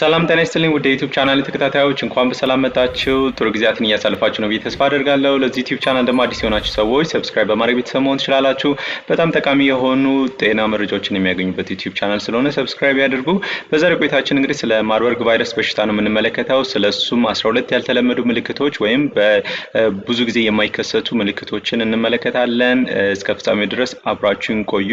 ሰላም ጤና ይስጥልኝ ወደ ዩቲዩብ ቻናል ተከታታዮች እንኳን በሰላም መጣችሁ። ጥሩ ጊዜያትን እያሳልፋችሁ ነው ብዬ ተስፋ አደርጋለሁ። ለዚህ ዩቲዩብ ቻናል ደግሞ አዲስ የሆናችሁ ሰዎች ሰብስክራይብ በማድረግ ቤተሰብ መሆን ትችላላችሁ። በጣም ጠቃሚ የሆኑ ጤና መረጃዎችን የሚያገኙበት ዩቲዩብ ቻናል ስለሆነ ሰብስክራይብ ያድርጉ። በዛሬ ቆይታችን እንግዲህ ስለ ማርበርግ ቫይረስ በሽታ ነው የምንመለከተው። ስለ እሱም 12 ያልተለመዱ ምልክቶች ወይም በብዙ ጊዜ የማይከሰቱ ምልክቶችን እንመለከታለን። እስከ ፍጻሜ ድረስ አብራችሁን ቆዩ።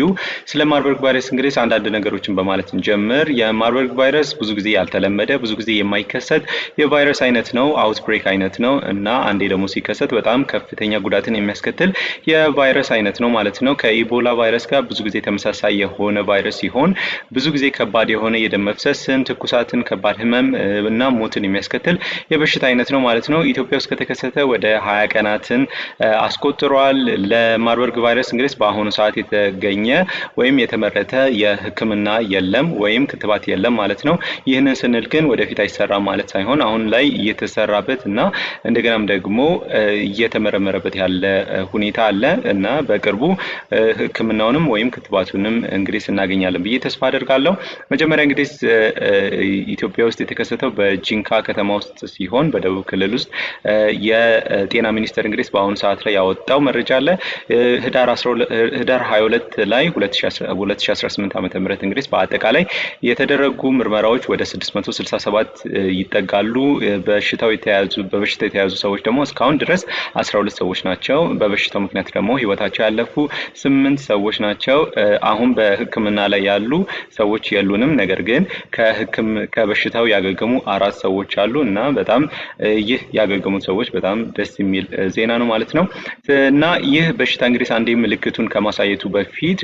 ስለ ማርበርግ ቫይረስ እንግዲህ አንዳንድ ነገሮችን በማለት እንጀምር። የማርበርግ ቫይረስ ብዙ ጊዜ ያልተ ያልተለመደ ብዙ ጊዜ የማይከሰት የቫይረስ አይነት ነው፣ አውትብሬክ አይነት ነው እና አንዴ ደግሞ ሲከሰት በጣም ከፍተኛ ጉዳትን የሚያስከትል የቫይረስ አይነት ነው ማለት ነው። ከኢቦላ ቫይረስ ጋር ብዙ ጊዜ ተመሳሳይ የሆነ ቫይረስ ሲሆን ብዙ ጊዜ ከባድ የሆነ የደም መፍሰስን፣ ትኩሳትን፣ ከባድ ህመም እና ሞትን የሚያስከትል የበሽታ አይነት ነው ማለት ነው። ኢትዮጵያ ውስጥ ከተከሰተ ወደ ሀያ ቀናትን አስቆጥሯል። ለማርበርግ ቫይረስ እንግዲህ በአሁኑ ሰዓት የተገኘ ወይም የተመረተ የህክምና የለም ወይም ክትባት የለም ማለት ነው። ይህንን ስንል ግን ወደፊት አይሰራም ማለት ሳይሆን አሁን ላይ እየተሰራበት እና እንደገናም ደግሞ እየተመረመረበት ያለ ሁኔታ አለ እና በቅርቡ ሕክምናውንም ወይም ክትባቱንም እንግዲህ እናገኛለን ብዬ ተስፋ አደርጋለሁ። መጀመሪያ እንግዲህ ኢትዮጵያ ውስጥ የተከሰተው በጂንካ ከተማ ውስጥ ሲሆን በደቡብ ክልል ውስጥ የጤና ሚኒስቴር እንግዲህ በአሁኑ ሰዓት ላይ ያወጣው መረጃ አለ ህዳር 22 ላይ 2018 ዓ ም እንግዲህ በአጠቃላይ የተደረጉ ምርመራዎች ወደ 667 ይጠጋሉ። በሽታው የተያዙ በበሽታው የተያዙ ሰዎች ደግሞ እስካሁን ድረስ 12 ሰዎች ናቸው። በበሽታው ምክንያት ደግሞ ህይወታቸው ያለፉ ስምንት ሰዎች ናቸው። አሁን በህክምና ላይ ያሉ ሰዎች የሉንም። ነገር ግን ከበሽታው ያገገሙ አራት ሰዎች አሉ እና በጣም ይህ ያገገሙት ሰዎች በጣም ደስ የሚል ዜና ነው ማለት ነው እና ይህ በሽታ እንግዲህ አንዴ ምልክቱን ከማሳየቱ በፊት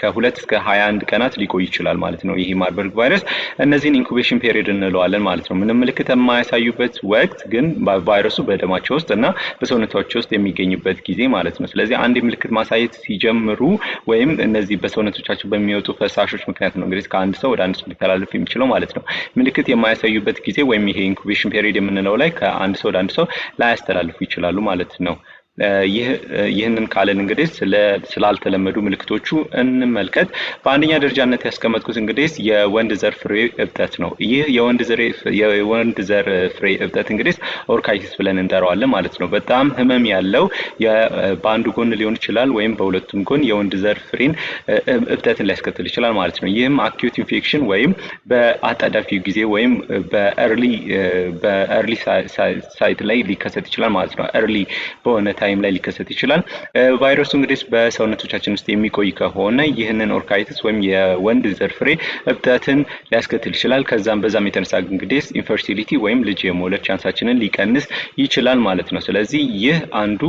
ከሁለት እስከ ሀያ አንድ ቀናት ሊቆይ ይችላል ማለት ነው። ይህ ማርበርግ ቫይረስ እነዚህን ኢንኩቤሽን ፔሪድ እንለዋለን ማለት ነው። ምንም ምልክት የማያሳዩበት ወቅት ግን ቫይረሱ በደማቸው ውስጥ እና በሰውነታቸው ውስጥ የሚገኝበት ጊዜ ማለት ነው። ስለዚህ አንድ ምልክት ማሳየት ሲጀምሩ ወይም እነዚህ በሰውነቶቻቸው በሚወጡ ፈሳሾች ምክንያት ነው እንግዲህ ከአንድ ሰው ወደ አንድ ሰው ሊተላለፍ የሚችለው ማለት ነው። ምልክት የማያሳዩበት ጊዜ ወይም ይሄ ኢንኩቤሽን ፔሪድ የምንለው ላይ ከአንድ ሰው ወደ አንድ ሰው ላያስተላልፉ ይችላሉ ማለት ነው። ይህንን ካለን እንግዲህ ስላልተለመዱ ምልክቶቹ እንመልከት። በአንደኛ ደረጃነት ያስቀመጥኩት እንግዲህ የወንድ ዘር ፍሬ እብጠት ነው። ይህ የወንድ ዘር ፍሬ እብጠት እንግዲህ ኦርካይቲስ ብለን እንጠራዋለን ማለት ነው። በጣም ህመም ያለው በአንዱ ጎን ሊሆን ይችላል ወይም በሁለቱም ጎን የወንድ ዘር ፍሬን እብጠትን ሊያስከትል ይችላል ማለት ነው። ይህም አኪዩት ኢንፌክሽን ወይም በአጣዳፊው ጊዜ ወይም በርሊ ሳይት ላይ ሊከሰት ይችላል ማለት ነው። ኤርሊ በሆነ ታይም ላይ ሊከሰት ይችላል። ቫይረሱ እንግዲህ በሰውነቶቻችን ውስጥ የሚቆይ ከሆነ ይህንን ኦርካይትስ ወይም የወንድ ዘር ፍሬ እብጠትን ሊያስከትል ይችላል። ከዛም በዛም የተነሳ እንግዲህ ኢንፈርቲሊቲ ወይም ልጅ የመውለድ ቻንሳችንን ሊቀንስ ይችላል ማለት ነው። ስለዚህ ይህ አንዱ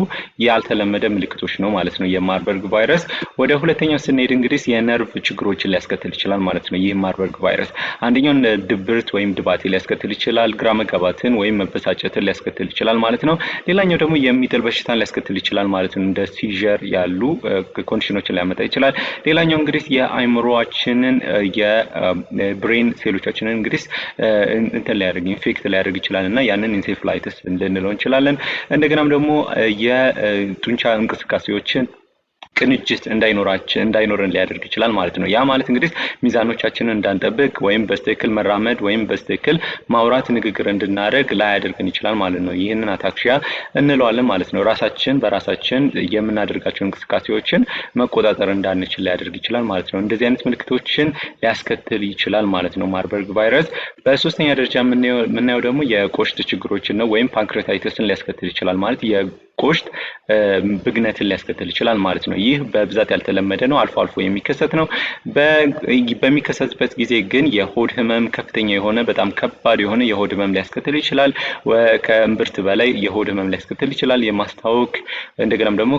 ያልተለመደ ምልክቶች ነው ማለት ነው የማርበርግ ቫይረስ። ወደ ሁለተኛው ስንሄድ እንግዲህ የነርቭ ችግሮችን ሊያስከትል ይችላል ማለት ነው ይህ ማርበርግ ቫይረስ። አንደኛውን ድብርት ወይም ድባቴ ሊያስከትል ይችላል። ግራ መጋባትን ወይም መበሳጨትን ሊያስከትል ይችላል ማለት ነው። ሌላኛው ደግሞ የሚጥል በሽታን ሊያስከትል ይችላል ማለት ነው። እንደ ሲዥር ያሉ ኮንዲሽኖችን ሊያመጣ ይችላል። ሌላኛው እንግዲህ የአይምሮችንን የብሬን ሴሎቻችንን እንግዲህ እንትን ሊያደርግ ኢንፌክት ሊያደርግ ይችላል እና ያንን ኢንሴፍላይትስ ልንለው እንችላለን። እንደገናም ደግሞ የጡንቻ እንቅስቃሴዎችን ቅንጅት እንዳይኖራችን እንዳይኖረን ሊያደርግ ይችላል ማለት ነው። ያ ማለት እንግዲህ ሚዛኖቻችንን እንዳንጠብቅ ወይም በስትክክል መራመድ ወይም በስትክክል ማውራት ንግግር እንድናደርግ ላያደርግን ይችላል ማለት ነው። ይህንን አታክሲያ እንለዋለን ማለት ነው። ራሳችን በራሳችን የምናደርጋቸው እንቅስቃሴዎችን መቆጣጠር እንዳንችል ሊያደርግ ይችላል ማለት ነው። እንደዚህ አይነት ምልክቶችን ሊያስከትል ይችላል ማለት ነው ማርበርግ ቫይረስ። በሶስተኛ ደረጃ የምናየው ደግሞ የቆሽት ችግሮችን ነው ወይም ፓንክሬታይተስን ሊያስከትል ይችላል ማለት ኮሽት ብግነትን ሊያስከትል ይችላል ማለት ነው። ይህ በብዛት ያልተለመደ ነው፣ አልፎ አልፎ የሚከሰት ነው። በሚከሰትበት ጊዜ ግን የሆድ ህመም ከፍተኛ የሆነ በጣም ከባድ የሆነ የሆድ ህመም ሊያስከትል ይችላል። ከእምብርት በላይ የሆድ ህመም ሊያስከትል ይችላል። የማስታወክ እንደገናም ደግሞ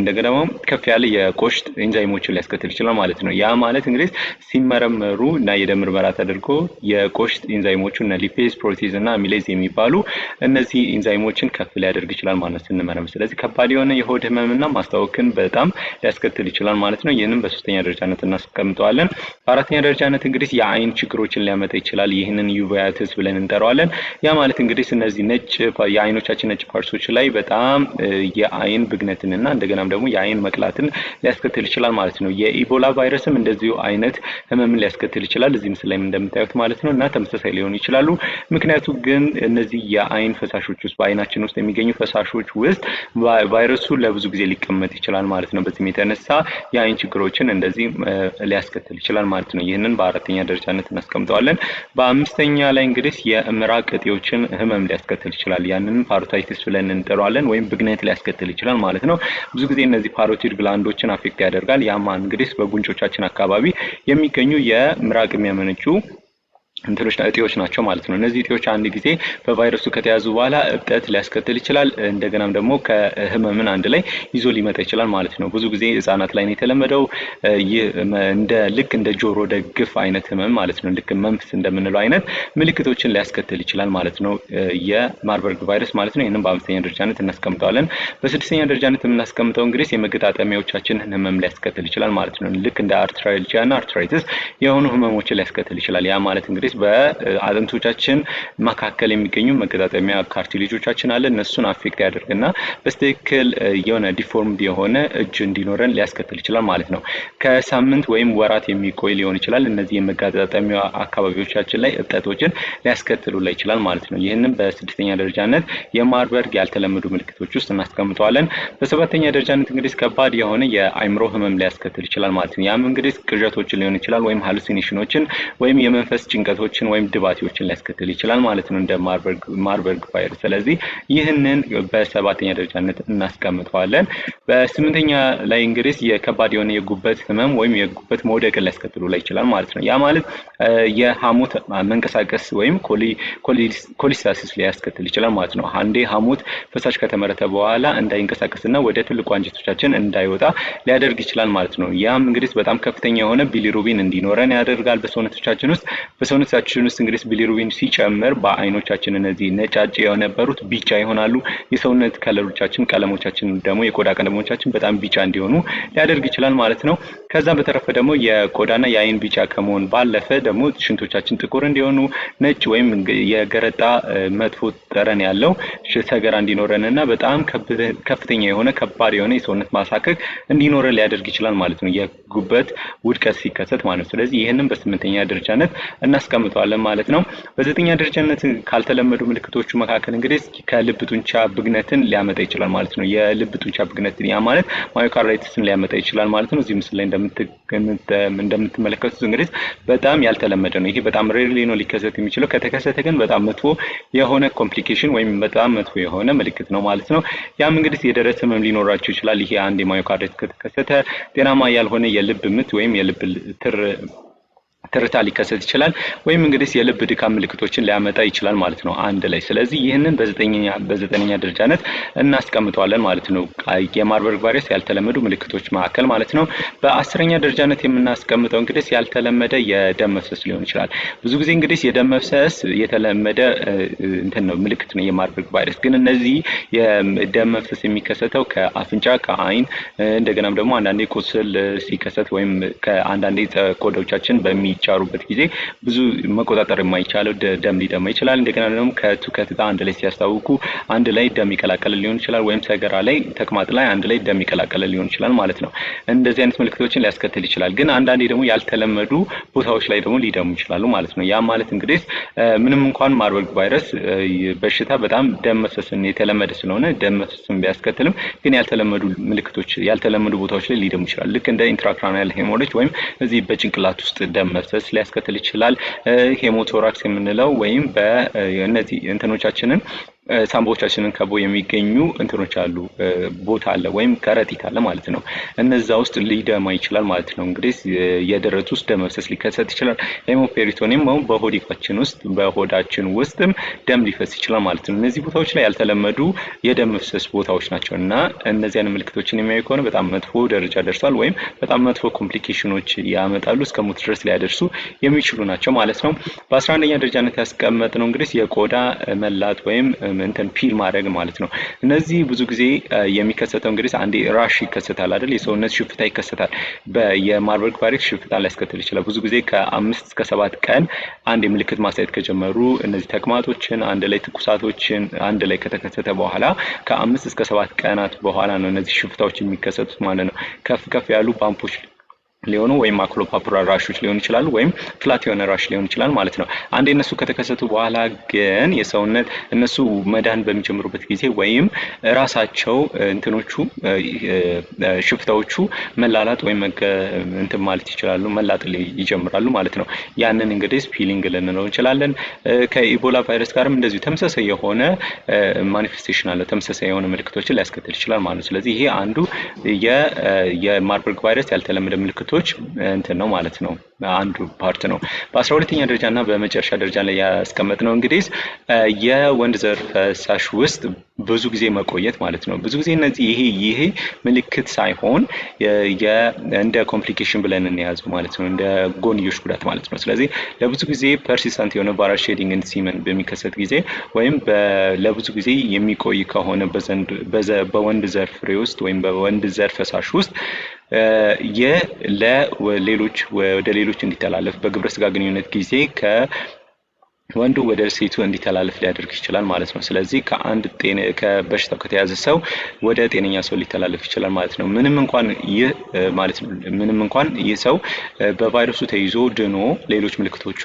እንደገና ከፍ ያለ የቆሽት ኤንዛይሞችን ሊያስከትል ይችላል ማለት ነው። ያ ማለት እንግዲህ ሲመረመሩ እና የደም ምርመራ ተደርጎ የቆሽት ኤንዛይሞቹ እና ሊፔዝ ፕሮቲዝ እና ሚሌዝ የሚባሉ እነዚህ ኤንዛይሞችን ከፍ ሊያደርግ ይችላል ማለት ነው። እንደሆነ ስንመረም። ስለዚህ ከባድ የሆነ የሆድ ህመምና ማስታወክን በጣም ሊያስከትል ይችላል ማለት ነው። ይህንም በሶስተኛ ደረጃነት እናስቀምጠዋለን። በአራተኛ ደረጃነት እንግዲህ የአይን ችግሮችን ሊያመጣ ይችላል። ይህንን ዩቫያትስ ብለን እንጠራዋለን። ያ ማለት እንግዲህ እነዚህ ነጭ የአይኖቻችን ነጭ ፓርሶች ላይ በጣም የአይን ብግነትን እና እንደገናም ደግሞ የአይን መቅላትን ሊያስከትል ይችላል ማለት ነው። የኢቦላ ቫይረስም እንደዚሁ አይነት ህመምን ሊያስከትል ይችላል። እዚህ ምስል ላይ እንደምታዩት ማለት ነው እና ተመሳሳይ ሊሆኑ ይችላሉ። ምክንያቱ ግን እነዚህ የአይን ፈሳሾች ውስጥ በአይናችን ውስጥ የሚገኙ ፈሳሾች ሰዎች ውስጥ ቫይረሱ ለብዙ ጊዜ ሊቀመጥ ይችላል ማለት ነው። በዚህም የተነሳ የአይን ችግሮችን እንደዚህ ሊያስከትል ይችላል ማለት ነው። ይህንን በአራተኛ ደረጃነት እናስቀምጠዋለን። በአምስተኛ ላይ እንግዲህ የምራቅ እጢዎችን ህመም ሊያስከትል ይችላል። ያንንም ፓሮታይቲስ ብለን እንጠራዋለን፣ ወይም ብግነት ሊያስከትል ይችላል ማለት ነው። ብዙ ጊዜ እነዚህ ፓሮቲድ ግላንዶችን አፌክት ያደርጋል። ያማ እንግዲህ በጉንጮቻችን አካባቢ የሚገኙ የምራቅ የሚያመነጩ እንትኖች እጤዎች ናቸው ማለት ነው። እነዚህ እጤዎች አንድ ጊዜ በቫይረሱ ከተያዙ በኋላ እብጠት ሊያስከትል ይችላል። እንደገናም ደግሞ ከህመምን አንድ ላይ ይዞ ሊመጣ ይችላል ማለት ነው። ብዙ ጊዜ ህጻናት ላይ ነው የተለመደው። ይህ እንደ ልክ እንደ ጆሮ ደግፍ አይነት ህመም ማለት ነው። ልክ መንፍስ እንደምንለው አይነት ምልክቶችን ሊያስከትል ይችላል ማለት ነው። የማርበርግ ቫይረስ ማለት ነው። ይህንም በአምስተኛ ደረጃነት እናስቀምጠዋለን። በስድስተኛ ደረጃነት የምናስቀምጠው እንግዲህ የመገጣጠሚያዎቻችንን ህመም ሊያስከትል ይችላል ማለት ነው። ልክ እንደ አርትራልጂያ እና አርትራይትስ የሆኑ ህመሞችን ሊያስከትል ይችላል። ያ ማለት እንግዲህ ኬዝ በአጥንቶቻችን መካከል የሚገኙ መገጣጠሚያ ካርቲሌጆቻችን አለ እነሱን አፌክት ያደርግና በስትክክል የሆነ ዲፎርምድ የሆነ እጅ እንዲኖረን ሊያስከትል ይችላል ማለት ነው። ከሳምንት ወይም ወራት የሚቆይ ሊሆን ይችላል። እነዚህ የመገጣጠሚያ አካባቢዎቻችን ላይ እብጠቶችን ሊያስከትሉ ላይ ይችላል ማለት ነው። ይህንም በስድስተኛ ደረጃነት የማርበርግ ያልተለመዱ ምልክቶች ውስጥ እናስቀምጠዋለን። በሰባተኛ ደረጃነት እንግዲህ ከባድ የሆነ የአይምሮ ህመም ሊያስከትል ይችላል ማለት ነው። ያም እንግዲህ ቅዠቶችን ሊሆን ይችላል ወይም ሀሉሲኔሽኖችን ወይም የመንፈስ ጭንቀቶ ጉዳቶችን ወይም ድባቴዎችን ሊያስከትል ይችላል ማለት ነው እንደ ማርበርግ ቫይረስ። ስለዚህ ይህንን በሰባተኛ ደረጃነት እናስቀምጠዋለን። በስምንተኛ ላይ እንግዲህ የከባድ የሆነ የጉበት ህመም ወይም የጉበት መውደቅን ሊያስከትሉ ላይ ይችላል ማለት ነው። ያ ማለት የሐሞት መንቀሳቀስ ወይም ኮሊስታሲስ ሊያስከትል ይችላል ማለት ነው። አንዴ ሐሞት ፈሳሽ ከተመረተ በኋላ እንዳይንቀሳቀስና ወደ ትልቁ አንጀቶቻችን እንዳይወጣ ሊያደርግ ይችላል ማለት ነው። ያም እንግዲህ በጣም ከፍተኛ የሆነ ቢሊሩቢን እንዲኖረን ያደርጋል በሰውነቶቻችን ውስጥ በሰውነት በነፍሳችን ውስጥ እንግዲህ ቢሊሩቢን ሲጨምር በአይኖቻችን እነዚህ ነጫጭ የነበሩት ቢጫ ይሆናሉ። የሰውነት ከለሮቻችን ቀለሞቻችን ደግሞ የቆዳ ቀለሞቻችን በጣም ቢጫ እንዲሆኑ ሊያደርግ ይችላል ማለት ነው። ከዛም በተረፈ ደግሞ የቆዳና የአይን ቢጫ ከመሆን ባለፈ ደግሞ ሽንቶቻችን ጥቁር እንዲሆኑ ነጭ ወይም የገረጣ መጥፎ ጠረን ያለው ሰገራ እንዲኖረን እና በጣም ከፍተኛ የሆነ ከባድ የሆነ የሰውነት ማሳከክ እንዲኖረን ሊያደርግ ይችላል ማለት ነው። የጉበት ውድቀት ሲከሰት ማለት ነው። ስለዚህ ይህንን በስምንተኛ ደረጃነት እናስ አስቀምጠዋለን ማለት ነው። በዘጠኛ ደረጃነት ካልተለመዱ ምልክቶቹ መካከል እንግዲህ ከልብ ጡንቻ ብግነትን ሊያመጣ ይችላል ማለት ነው። የልብ ጡንቻ ብግነትን ያ ማለት ማዮካርዳይትስን ሊያመጣ ይችላል ማለት ነው። እዚህ ምስል ላይ እንደምትመለከቱት እንግዲህ በጣም ያልተለመደ ነው። ይሄ በጣም ሬርሊ ነው ሊከሰት የሚችለው። ከተከሰተ ግን በጣም መጥፎ የሆነ ኮምፕሊኬሽን ወይም በጣም መጥፎ የሆነ ምልክት ነው ማለት ነው። ያም እንግዲህ የደረት ህመም ሊኖራቸው ይችላል። ይሄ አንድ የማዮካርዳይት ከተከሰተ ጤናማ ያልሆነ የልብ ምት ወይም የልብ ትር ትርታ ሊከሰት ይችላል ወይም እንግዲህ የልብ ድካም ምልክቶችን ሊያመጣ ይችላል ማለት ነው አንድ ላይ ስለዚህ ይህንን በዘጠነኛ ደረጃነት እናስቀምጠዋለን ማለት ነው የማርበርግ ቫይረስ ያልተለመዱ ምልክቶች መካከል ማለት ነው በአስረኛ ደረጃነት የምናስቀምጠው እንግዲህ ያልተለመደ የደም መፍሰስ ሊሆን ይችላል ብዙ ጊዜ እንግዲህ የደም መፍሰስ የተለመደ እንትን ነው ምልክት ነው የማርበርግ ቫይረስ ግን እነዚህ የደም መፍሰስ የሚከሰተው ከአፍንጫ ከአይን እንደገናም ደግሞ አንዳንዴ ቁስል ሲከሰት ወይም ከአንዳንዴ ቆዳዎቻችን በሚ በሚቻሩበት ጊዜ ብዙ መቆጣጠር የማይቻለው ደም ሊደማ ይችላል። እንደገና ደግሞ ከትውከት ጋር አንድ ላይ ሲያስታውቁ አንድ ላይ ደም ይቀላቀል ሊሆን ይችላል፣ ወይም ሰገራ ላይ ተቅማጥ ላይ አንድ ላይ ደም ይቀላቀል ሊሆን ይችላል ማለት ነው። እንደዚህ አይነት ምልክቶችን ሊያስከትል ይችላል። ግን አንዳንዴ ደግሞ ያልተለመዱ ቦታዎች ላይ ደግሞ ሊደሙ ይችላሉ ማለት ነው። ያ ማለት እንግዲህ ምንም እንኳን ማርበርግ ቫይረስ በሽታ በጣም ደም መፍሰስን የተለመደ ስለሆነ ደም መፍሰስን ቢያስከትልም ግን ያልተለመዱ ምልክቶች ያልተለመዱ ቦታዎች ላይ ሊደሙ ይችላል። ልክ እንደ ኢንትራክራኒያል ሄሞሬጅ ወይም እዚህ በጭንቅላት ውስጥ ደም መፍሰስ ሊያስከትል ይችላል። ሄሞቶራክስ የምንለው ወይም በእነዚህ እንትኖቻችንን ሳምቦቻችንን ከቦ የሚገኙ እንትኖች አሉ ቦታ አለ ወይም ከረጢት አለ ማለት ነው። እነዛ ውስጥ ሊደማ ይችላል ማለት ነው። እንግዲህ የደረት ውስጥ ደም መፍሰስ ሊከሰት ይችላል። ሄሞፔሪቶኒም አሁን በሆዲፋችን ውስጥ በሆዳችን ውስጥም ደም ሊፈስ ይችላል ማለት ነው። እነዚህ ቦታዎች ላይ ያልተለመዱ የደም መፍሰስ ቦታዎች ናቸው እና እነዚያን ምልክቶችን የሚያዩ ከሆነ በጣም መጥፎ ደረጃ ደርሷል ወይም በጣም መጥፎ ኮምፕሊኬሽኖች ያመጣሉ እስከ ሞት ድረስ ሊያደርሱ የሚችሉ ናቸው ማለት ነው። በአስራ አንደኛ ደረጃነት ያስቀመጥነው እንግዲህ የቆዳ መላት ወይም እንትን ፒል ማድረግ ማለት ነው። እነዚህ ብዙ ጊዜ የሚከሰተው እንግዲህ አንዴ ራሽ ይከሰታል አይደል? የሰውነት ሽፍታ ይከሰታል። የማርበርግ ቫይረስ ሽፍታ ሊያስከትል ይችላል። ብዙ ጊዜ ከአምስት እስከ ሰባት ቀን አንድ የምልክት ማሳየት ከጀመሩ እነዚህ ተቅማጦችን አንድ ላይ ትኩሳቶችን አንድ ላይ ከተከሰተ በኋላ ከአምስት እስከ ሰባት ቀናት በኋላ ነው እነዚህ ሽፍታዎች የሚከሰቱት ማለት ነው። ከፍ ከፍ ያሉ ባምፖች ሊሆኑ ወይም አክሎፓፑላ ራሾች ሊሆኑ ይችላሉ፣ ወይም ፍላት የሆነ ራሽ ሊሆን ይችላል ማለት ነው። አንዴ እነሱ ከተከሰቱ በኋላ ግን የሰውነት እነሱ መዳን በሚጀምሩበት ጊዜ ወይም ራሳቸው እንትኖቹ ሽፍታዎቹ መላላጥ ወይም እንትን ማለት ይችላሉ፣ መላጥ ይጀምራሉ ማለት ነው። ያንን እንግዲህ ስፒሊንግ ልንለው እንችላለን። ከኢቦላ ቫይረስ ጋርም እንደዚሁ ተመሳሳይ የሆነ ማኒፌስቴሽን አለ፣ ተመሳሳይ የሆነ ምልክቶችን ሊያስከትል ይችላል ማለት ነው። ስለዚህ ይሄ አንዱ የማርበርግ ቫይረስ ያልተለመደ ምልክቱ ትምህርቶች እንትን ነው ማለት ነው። አንዱ ፓርት ነው። በአስራ ሁለተኛ ደረጃ እና በመጨረሻ ደረጃ ላይ ያስቀመጥ ነው እንግዲህ የወንድ ዘር ፈሳሽ ውስጥ ብዙ ጊዜ መቆየት ማለት ነው። ብዙ ጊዜ እነዚህ ይሄ ይሄ ምልክት ሳይሆን እንደ ኮምፕሊኬሽን ብለን እንያዘው ማለት ነው፣ እንደ ጎንዮሽ ጉዳት ማለት ነው። ስለዚህ ለብዙ ጊዜ ፐርሲስተንት የሆነ ቫይራል ሼዲንግ ኢን ሲመን በሚከሰት ጊዜ ወይም ለብዙ ጊዜ የሚቆይ ከሆነ በወንድ ዘር ፍሬ ውስጥ ወይም በወንድ ዘር ፈሳሽ ውስጥ ለሌሎች ወደ ሌሎች እንዲተላለፍ በግብረ ስጋ ግንኙነት ጊዜ ከወንዱ ወደ ሴቱ እንዲተላለፍ ሊያደርግ ይችላል ማለት ነው። ስለዚህ ከአንድ በሽታው ከተያዘ ሰው ወደ ጤነኛ ሰው ሊተላለፍ ይችላል ማለት ነው። ምንም እንኳን ይህ ማለት ነው ምንም እንኳን ይህ ሰው በቫይረሱ ተይዞ ድኖ ሌሎች ምልክቶቹ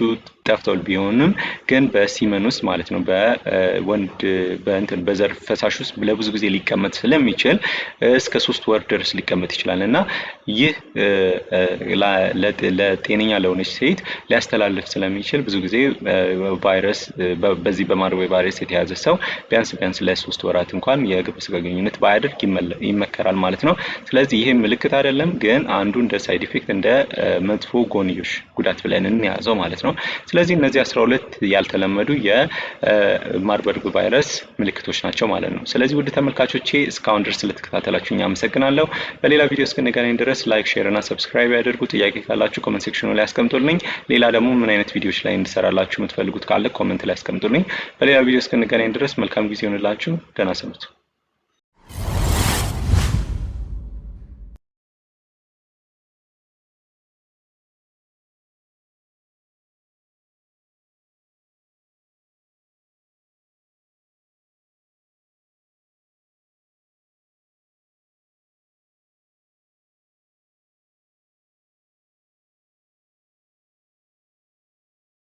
ጠፍተዋል። ቢሆንም ግን በሲመን ውስጥ ማለት ነው በወንድ በእንትን በዘር ፈሳሽ ውስጥ ለብዙ ጊዜ ሊቀመጥ ስለሚችል እስከ ሶስት ወር ድረስ ሊቀመጥ ይችላል እና ይህ ለጤነኛ ለሆነች ሴት ሊያስተላልፍ ስለሚችል ብዙ ጊዜ ቫይረስ በዚህ በማርበርግ ቫይረስ የተያዘ ሰው ቢያንስ ቢያንስ ለሶስት ወራት እንኳን የግብረ ስጋ ግንኙነት ባያደርግ ይመከራል ማለት ነው። ስለዚህ ይህ ምልክት አይደለም፣ ግን አንዱ እንደ ሳይድ ኢፌክት እንደ መጥፎ ጎንዮሽ ጉዳት ብለን እንያዘው ማለት ነው። ስለዚህ እነዚህ 12 ያልተለመዱ የማርበርግ ቫይረስ ምልክቶች ናቸው ማለት ነው። ስለዚህ ውድ ተመልካቾቼ እስካሁን ድረስ ስለተከታተላችሁኝ አመሰግናለሁ። በሌላ ቪዲዮ እስክንገናኝ ድረስ ላይክ፣ ሼር እና ሰብስክራይብ ያደርጉ። ጥያቄ ካላችሁ ኮመንት ሴክሽኑ ላይ አስቀምጡልኝ። ሌላ ደግሞ ምን አይነት ቪዲዮዎች ላይ እንድሰራላችሁ የምትፈልጉት ካለ ኮመንት ላይ አስቀምጡልኝ። በሌላ ቪዲዮ እስክንገናኝ ድረስ መልካም ጊዜ ይሆንላችሁ። ደህና ሰንብቱ።